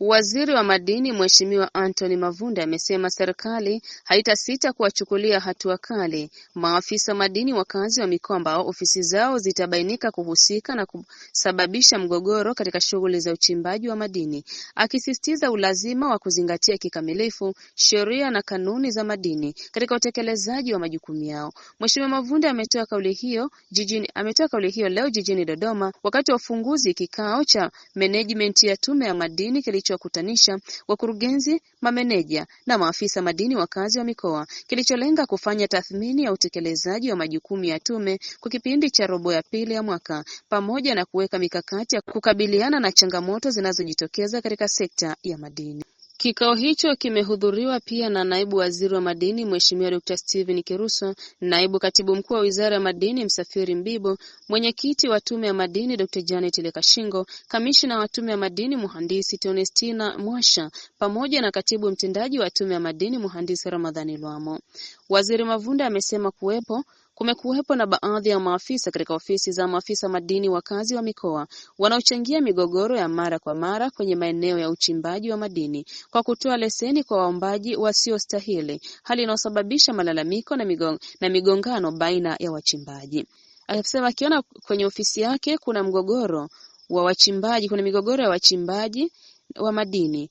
Waziri wa Madini Mheshimiwa Anthony Mavunde amesema Serikali haitasita kuwachukulia hatua kali maafisa wa madini wakazi wa mikoa ambao ofisi zao zitabainika kuhusika na kusababisha mgogoro katika shughuli za uchimbaji wa madini, akisisitiza ulazima wa kuzingatia kikamilifu sheria na kanuni za madini katika utekelezaji wa majukumu yao. Mheshimiwa Mavunde ametoa kauli hiyo jijini ametoa kauli hiyo leo jijini Dodoma wakati wa ufunguzi kikao cha management ya Tume ya Madini kili kilichokutanisha wakurugenzi, mameneja na maafisa madini wakazi wa mikoa kilicholenga kufanya tathmini ya utekelezaji wa majukumu ya Tume kwa kipindi cha robo ya pili ya mwaka pamoja na kuweka mikakati ya kukabiliana na changamoto zinazojitokeza katika sekta ya madini. Kikao hicho kimehudhuriwa pia na Naibu Waziri wa Madini Mheshimiwa dr Steven Kiruso, Naibu Katibu Mkuu wa Wizara ya Madini Msafiri Mbibo, Mwenyekiti wa Tume ya Madini d Janet Lekashingo, kamishina wa Tume ya Madini Mhandisi tonestina Mwasha pamoja na Katibu Mtendaji wa Tume ya Madini Mhandisi Ramadhani Lwamo. Waziri Mavunde amesema kuwepo Kumekuwepo na baadhi ya maafisa katika ofisi za maafisa madini wakazi wa mikoa wanaochangia migogoro ya mara kwa mara kwenye maeneo ya uchimbaji wa madini kwa kutoa leseni kwa waombaji wasiostahili, hali inayosababisha malalamiko na, migong na migongano baina ya wachimbaji. Akisema akiona kwenye ofisi yake kuna mgogoro wa wachimbaji, kuna migogoro ya wachimbaji wa madini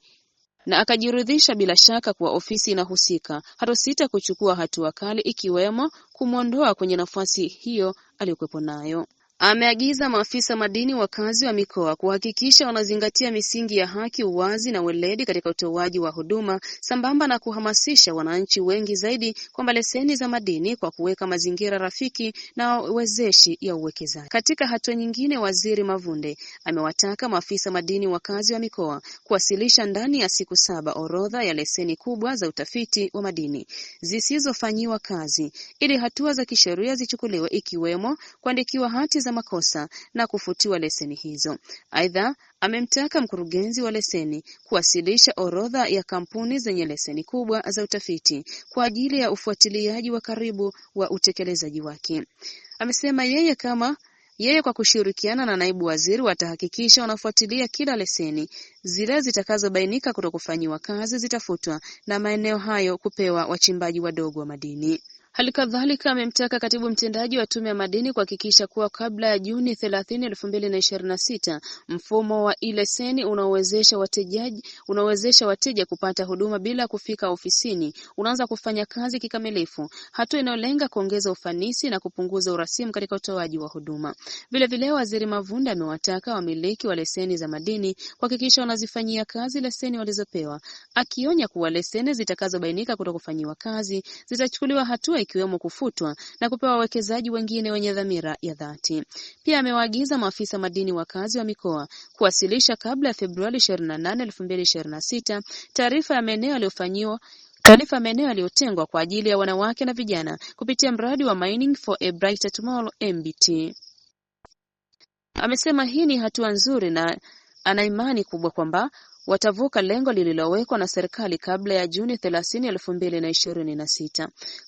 na akajiridhisha bila shaka kuwa ofisi inahusika, hatosita kuchukua hatua kali ikiwemo kumwondoa kwenye nafasi hiyo aliyokuwepo nayo. Ameagiza maafisa madini wakazi wa mikoa kuhakikisha wanazingatia misingi ya haki, uwazi na weledi katika utoaji wa huduma sambamba na kuhamasisha wananchi wengi zaidi kwamba leseni za madini kwa kuweka mazingira rafiki na wezeshi ya uwekezaji. Katika hatua nyingine, Waziri Mavunde amewataka maafisa madini wakazi wa mikoa kuwasilisha ndani ya siku saba orodha ya leseni kubwa za utafiti wa madini zisizofanyiwa kazi ili hatua za kisheria zichukuliwe ikiwemo kuandikiwa hati za makosa na kufutiwa leseni hizo. Aidha, amemtaka mkurugenzi wa leseni kuwasilisha orodha ya kampuni zenye leseni kubwa za utafiti kwa ajili ya ufuatiliaji wa karibu wa utekelezaji wake. Amesema yeye kama yeye kwa kushirikiana na naibu waziri watahakikisha wanafuatilia kila leseni. Zile zitakazobainika kutokufanyiwa kazi zitafutwa na maeneo hayo kupewa wachimbaji wadogo wa madini. Halikadhalika amemtaka Katibu Mtendaji wa Tume ya Madini kuhakikisha kuwa kabla ya Juni thelathini elfu mfumo wa e-leseni unaowezesha wateja kupata huduma bila kufika ofisini unaanza kufanya kazi kikamilifu, hatua inayolenga kuongeza ufanisi na kupunguza urasimu katika utoaji wa huduma. Vilevile, Waziri Mavunde amewataka wamiliki wa leseni za madini kuhakikisha wanazifanyia kazi leseni walizopewa, akionya kuwa leseni zitakazobainika kutokufanyiwa kazi zitachukuliwa hatua ikiwemo kufutwa na kupewa wawekezaji wengine wenye dhamira ya dhati. Pia amewaagiza maafisa madini wakazi wa mikoa kuwasilisha kabla ya Februari 28, 2026 taarifa ya maeneo yaliyofanyiwa taarifa maeneo yaliyotengwa kwa ajili ya wanawake na vijana kupitia mradi wa Mining for a Brighter Tomorrow MBT. Amesema hii ni hatua nzuri na ana imani kubwa kwamba watavuka lengo lililowekwa na serikali kabla ya Juni thelathini elfu mbili na ishirini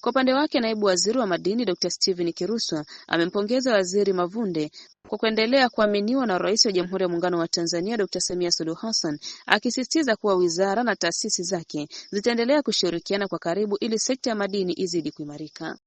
Kwa upande wake, naibu waziri wa madini Dr. Steven Kiruswa amempongeza Waziri Mavunde kwa kuendelea kuaminiwa na Rais wa Jamhuri ya Muungano wa Tanzania Dr. Samia Suluhu Hassan, akisisitiza kuwa wizara na taasisi zake zitaendelea kushirikiana kwa karibu ili sekta ya madini izidi kuimarika.